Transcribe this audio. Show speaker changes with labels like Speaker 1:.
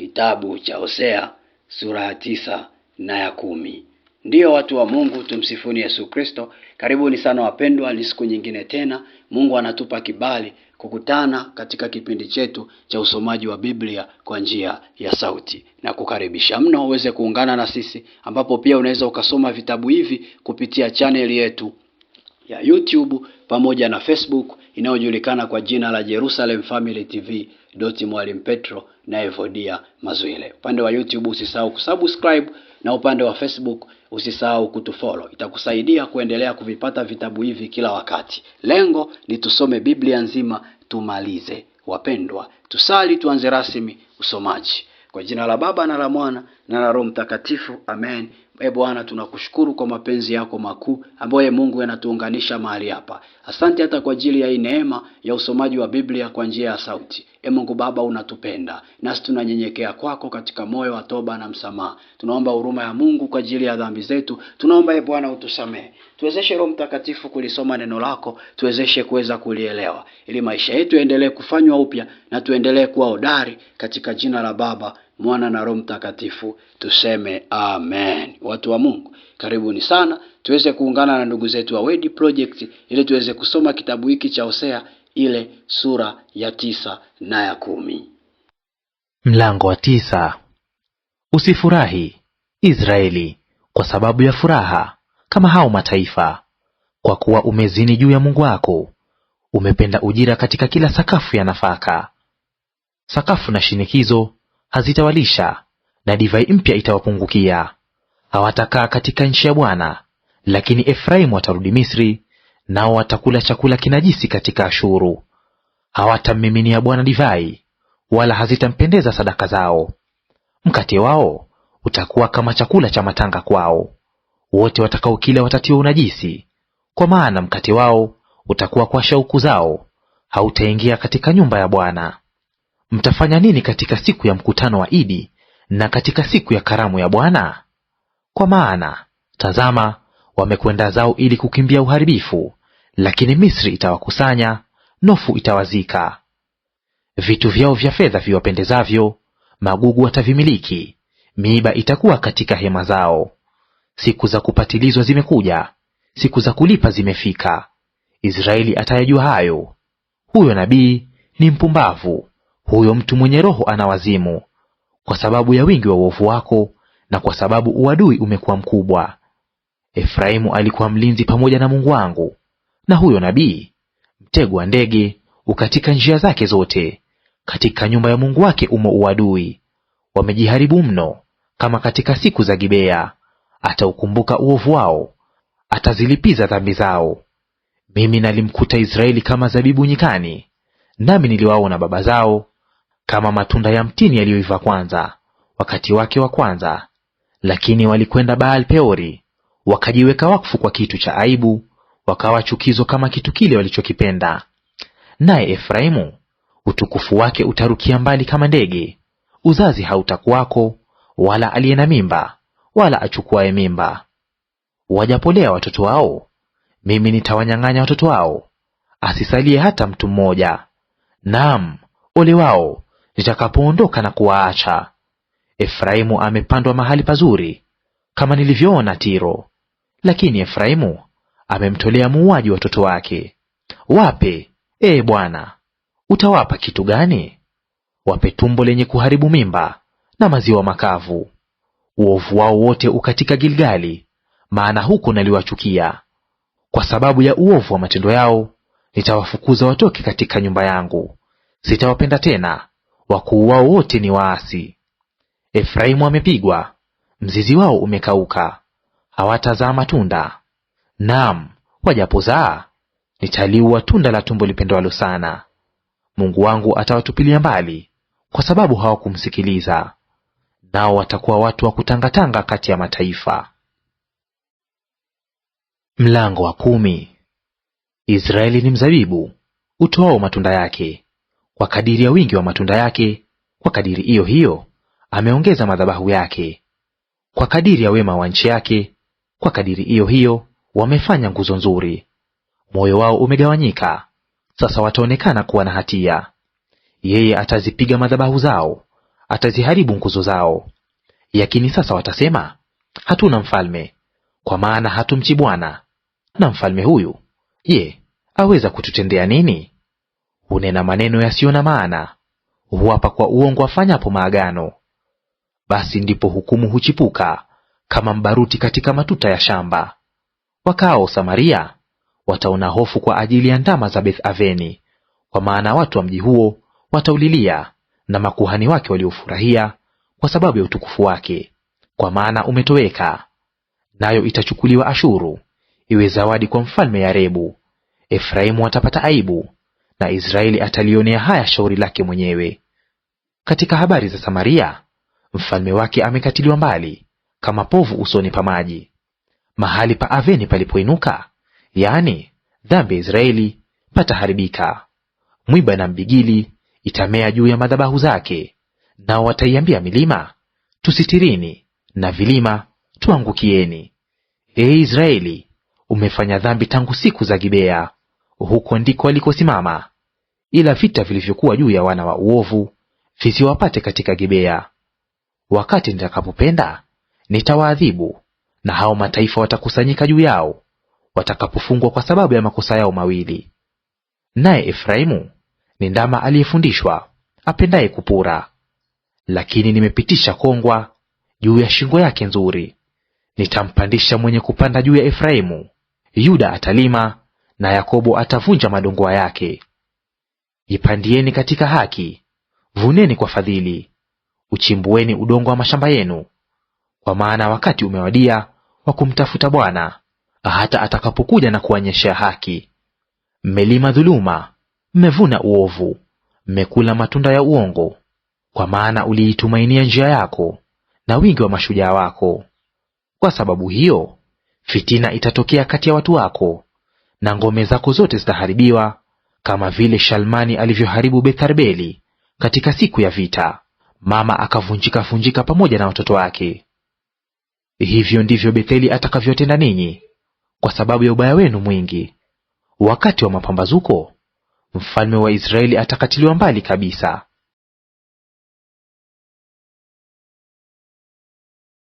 Speaker 1: kitabu cha Hosea sura ya tisa na ya kumi. Ndiyo watu wa Mungu, tumsifuni Yesu Kristo. Karibuni sana wapendwa, ni siku nyingine tena Mungu anatupa kibali kukutana katika kipindi chetu cha usomaji wa Biblia kwa njia ya sauti, na kukaribisha mno uweze kuungana na sisi, ambapo pia unaweza ukasoma vitabu hivi kupitia chaneli yetu ya YouTube pamoja na Facebook inayojulikana kwa jina la Jerusalem Family TV doti Mwalimu Petro na Evodia Mazwile. Upande wa YouTube usisahau kusubscribe na upande wa Facebook usisahau kutufollow. Itakusaidia kuendelea kuvipata vitabu hivi kila wakati. Lengo ni tusome Biblia nzima tumalize. Wapendwa, tusali tuanze rasmi usomaji. Kwa jina la Baba na la Mwana na la Roho Mtakatifu, amen. E Bwana, tunakushukuru kwa mapenzi yako makuu ambayo Mungu yanatuunganisha mahali hapa. Asante hata kwa ajili ya hii neema ya usomaji wa Biblia kwa njia ya sauti. E Mungu Baba, unatupenda nasi tunanyenyekea kwako katika moyo wa toba na msamaha. Tunaomba huruma ya Mungu kwa ajili ya dhambi zetu. Tunaomba e Bwana utusamehe, tuwezeshe Roho Mtakatifu kulisoma neno lako, tuwezeshe kuweza kulielewa, ili maisha yetu yaendelee kufanywa upya na tuendelee kuwa hodari katika jina la Baba Mwana na Roho Mtakatifu, tuseme amen. Watu wa Mungu, karibuni sana tuweze kuungana na ndugu zetu wa Word Project ili tuweze kusoma kitabu hiki cha Hosea ile sura ya tisa na ya kumi.
Speaker 2: Mlango wa tisa. Usifurahi Israeli kwa sababu ya furaha kama hao mataifa, kwa kuwa umezini juu ya Mungu wako, umependa ujira katika kila sakafu ya nafaka. Sakafu na shinikizo hazitawalisha na divai mpya itawapungukia. Hawatakaa katika nchi ya Bwana, lakini Efraimu watarudi Misri, nao watakula chakula kinajisi katika Ashuru. Hawatammiminia Bwana divai, wala hazitampendeza sadaka zao. Mkate wao utakuwa kama chakula cha matanga kwao; wote watakaokila watatiwa unajisi, kwa maana mkate wao utakuwa kwa shauku zao, hautaingia katika nyumba ya Bwana. Mtafanya nini katika siku ya mkutano wa Idi na katika siku ya karamu ya Bwana? Kwa maana tazama, wamekwenda zao ili kukimbia uharibifu, lakini Misri itawakusanya, Nofu itawazika. Vitu vyao vya fedha viwapendezavyo, magugu watavimiliki, miiba itakuwa katika hema zao. Siku za kupatilizwa zimekuja, siku za kulipa zimefika. Israeli atayajua hayo. Huyo nabii ni mpumbavu, huyo mtu mwenye roho ana wazimu, kwa sababu ya wingi wa uovu wako, na kwa sababu uadui umekuwa mkubwa. Efraimu alikuwa mlinzi pamoja na Mungu wangu, na huyo nabii mtego wa ndege ukatika njia zake zote; katika nyumba ya Mungu wake umo uadui. Wamejiharibu mno kama katika siku za Gibea. Ataukumbuka uovu wao, atazilipiza dhambi zao. Mimi nalimkuta Israeli kama zabibu nyikani, nami niliwaona baba zao kama matunda ya mtini yaliyoiva kwanza, wakati wake wa kwanza. Lakini walikwenda Baal Peori, wakajiweka wakfu kwa kitu cha aibu, wakawa chukizo kama kitu kile walichokipenda. Naye Efraimu utukufu wake utarukia mbali kama ndege; uzazi hautakuwako, wala aliye na mimba wala achukuaye mimba. Wajapolea watoto wao, mimi nitawanyang'anya watoto wao, asisalie hata mtu mmoja. Naam, ole wao nitakapoondoka na kuwaacha. Efraimu amepandwa mahali pazuri, kama nilivyoona Tiro, lakini Efraimu amemtolea muuaji watoto wake. Wape, ee Bwana, utawapa kitu gani? Wape tumbo lenye kuharibu mimba na maziwa makavu. Uovu wao wote ukatika Gilgali, maana huko naliwachukia. Kwa sababu ya uovu wa matendo yao, nitawafukuza watoke katika nyumba yangu. Sitawapenda tena, wakuu wao wote ni waasi. Efraimu amepigwa, mzizi wao umekauka, hawatazaa matunda. Naam, wajapozaa nitaliua tunda la tumbo lipendwalo sana. Mungu wangu atawatupilia mbali, kwa sababu hawakumsikiliza; nao watakuwa watu wa kutangatanga kati ya mataifa. Mlango wa kumi. Israeli ni mzabibu utoao matunda yake, kwa kadiri ya wingi wa matunda yake, kwa kadiri hiyo hiyo ameongeza madhabahu yake. Kwa kadiri ya wema wa nchi yake, kwa kadiri hiyo hiyo wamefanya nguzo nzuri. Moyo wao umegawanyika, sasa wataonekana kuwa na hatia. Yeye atazipiga madhabahu zao, ataziharibu nguzo zao. Yakini sasa watasema, hatuna mfalme, kwa maana hatumchi Bwana. Na mfalme huyu, je, aweza kututendea nini? hunena maneno yasiyo na maana, huapa kwa uongo afanyapo maagano. Basi ndipo hukumu huchipuka kama mbaruti katika matuta ya shamba. Wakao Samaria wataona hofu kwa ajili ya ndama za Beth Aveni, kwa maana watu wa mji huo wataulilia na makuhani wake waliofurahia kwa sababu ya utukufu wake, kwa maana umetoweka. Nayo itachukuliwa Ashuru iwe zawadi kwa mfalme Yarebu. Efraimu watapata aibu na Israeli atalionea haya shauri lake mwenyewe. Katika habari za Samaria, mfalme wake amekatiliwa mbali kama povu usoni pa maji. Mahali pa aveni palipoinuka, yaani dhambi ya Israeli, pataharibika. Mwiba na mbigili itamea juu ya madhabahu zake, nao wataiambia milima, tusitirini, na vilima, tuangukieni. Ee Israeli, umefanya dhambi tangu siku za Gibea huko ndiko walikosimama, ila vita vilivyokuwa juu ya wana wa uovu visiwapate katika Gibea. Wakati nitakapopenda nitawaadhibu, na hao mataifa watakusanyika juu yao watakapofungwa kwa sababu ya makosa yao mawili. Naye Efraimu ni ndama aliyefundishwa apendaye kupura, lakini nimepitisha kongwa juu ya shingo yake nzuri. Nitampandisha mwenye kupanda juu ya Efraimu. Yuda atalima na Yakobo atavunja madongoa yake. Ipandieni katika haki, vuneni kwa fadhili, uchimbueni udongo wa mashamba yenu, kwa maana wakati umewadia wa kumtafuta Bwana hata atakapokuja na kuonyesha haki. Mmelima dhuluma, mmevuna uovu, mmekula matunda ya uongo, kwa maana uliitumainia njia yako na wingi wa mashujaa wako. Kwa sababu hiyo fitina itatokea kati ya watu wako, na ngome zako zote zitaharibiwa, kama vile Shalmani alivyoharibu Betharbeli katika siku ya vita, mama akavunjika vunjika pamoja na watoto wake. Hivyo ndivyo Betheli atakavyotenda ninyi kwa sababu ya ubaya wenu mwingi. Wakati wa mapambazuko, mfalme wa Israeli atakatiliwa mbali kabisa.